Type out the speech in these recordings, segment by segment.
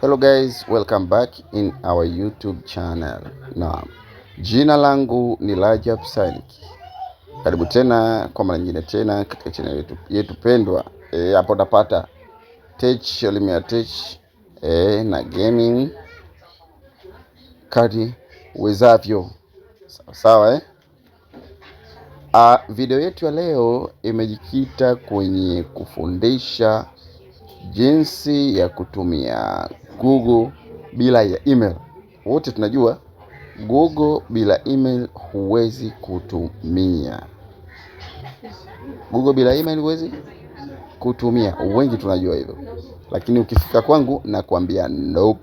Hello guys, welcome back in our YouTube channel. Naam. Jina langu ni Rajab Synic. Karibu tena kwa mara nyingine tena katika channel yetu, yetu pendwa. Eh, hapo utapata tech, elimu ya tech e, na gaming kadi uwezavyo. Sawa sawa eh? Ah, video yetu ya leo imejikita kwenye kufundisha jinsi ya kutumia Google bila ya email. Wote tunajua Google bila email huwezi kutumia. Google bila email huwezi kutumia, wengi tunajua hivyo, lakini ukifika kwangu nakwambia nope.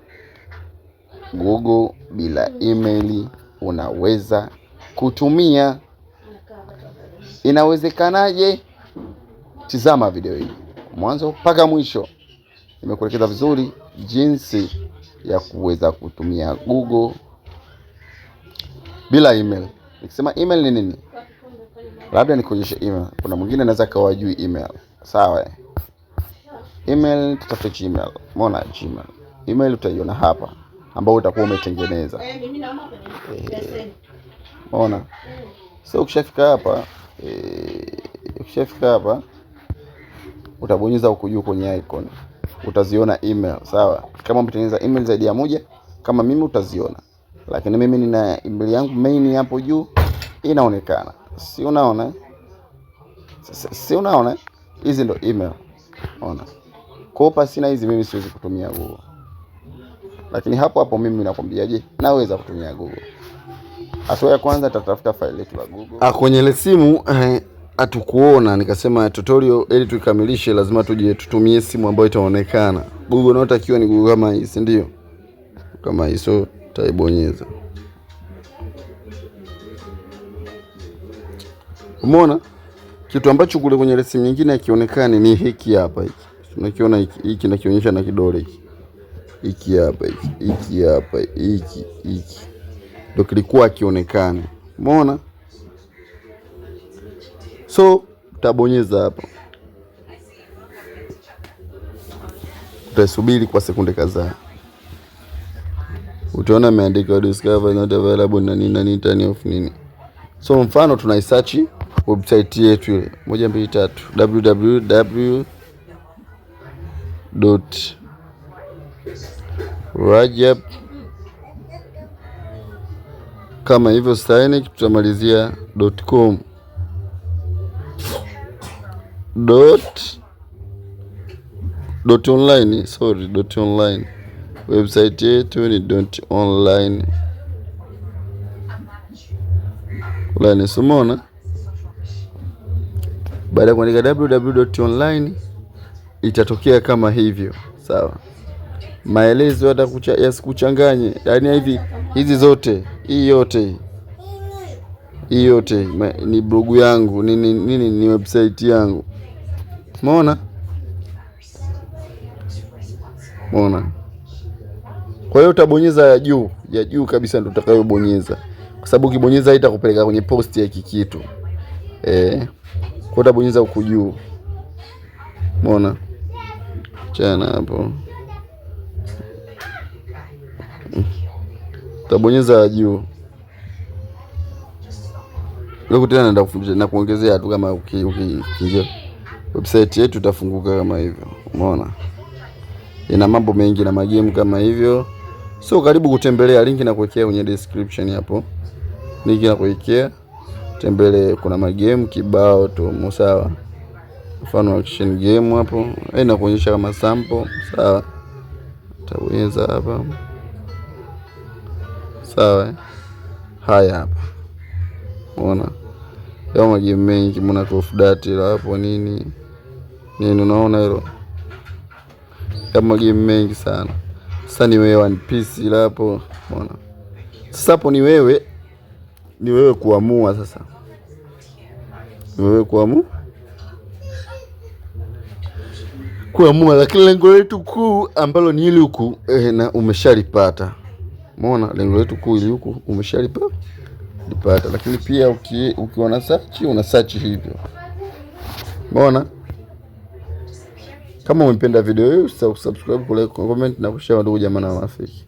Google bila email unaweza kutumia. Inawezekanaje? Tizama video hii mwanzo mpaka mwisho. Nimekuelekeza vizuri jinsi ya kuweza kutumia Google bila email. Nikisema email ni nini? Labda nikuonyeshe email. Kuna mwingine anaweza kawa hajui email. Sawa. Email tutafute Gmail. Umeona Gmail. Email utaiona hapa ambao utakuwa umetengeneza. Eh, umeona? So ukishafika hapa, eh, ukishafika hapa utabonyeza huku juu kwenye icon utaziona email sawa. Kama umetengeneza email zaidi ya moja kama mimi utaziona, lakini mimi nina email yangu main hapo juu inaonekana, si unaona? Si unaona? Hizi ndo email, ona. Kwa pasi na hizi mimi siwezi kutumia Google, lakini hapo hapo mimi nakwambiaje, naweza kutumia Google. Hatua ya kwanza, tatafuta faili letu la Google ah, kwenye ile simu eh, hatukuona, nikasema tutorial ili tuikamilishe lazima tuje tutumie simu ambayo itaonekana. Google unaotakiwa ni Google kama hii, si ndio? Kama hii, so taibonyeza. Umeona kitu ambacho kule kwenye resimu nyingine hakionekani ni hiki hapa, hiki unakiona hiki, hiki nakionyesha na kidole hiki hiki hapa hiki hiki hapa hiki hiki ndio kilikuwa akionekana. Umeona? So utabonyeza hapa, utasubiri kwa sekunde kadhaa, utaona imeandikwa discover not available na nini na nini turn off nini. So mfano tunaisearch website yetu ile moja mbili tatu www Rajab kama hivyo saini, tutamalizia .com dot dot online, sorry, dot online. Website yetu ni dot online. Online sumona. Baada ya kuandika www dot online itatokea kama hivyo, sawa. Maelezo hata yasikuchanganye, yani hivi hizi zote, hii yote hii yote ni blogu yangu nini, nini ni website yangu mona mona Kwa hiyo utabonyeza ya juu, ya juu kabisa ndio utakayobonyeza, kwa sababu ukibonyeza itakupeleka kwenye post ya kikitu eh. Kwa utabonyeza huku juu, mona Chana hapo, utabonyeza ya juu tena, naenda kufundisha na kuongezea tu kama ukiingia uki, website yetu itafunguka kama hivyo. Umeona, ina mambo mengi na magemu kama hivyo. So karibu kutembelea, linki na kuwekea kwenye description hapo, linki na kuwekea, tembelee. Kuna magemu kibao tu, sawa. Mfano action game hapo eh, kuonyesha kama sample, sawa. Tabonyeza hapa, sawa. Eh. Haya hapa, unaona yao magemu mengi, muna Call of hapo nini nini, unaona hilo kama game mengi sana. Sasa ni wewe one piece ila hapo, unaona sasa hapo ni wewe, ni wewe kuamua sasa, ni wewe kuamua kuamua, lakini lengo letu kuu ambalo ni hili huku eh, na umeshalipata Umeona lengo letu kuu ili huku umeshalipata, lakini pia ukiona uki search una search hivyo. Umeona? Kama umependa video hii usisahau kusubscribe, kulike, comment na kushare ndugu jamaa na marafiki.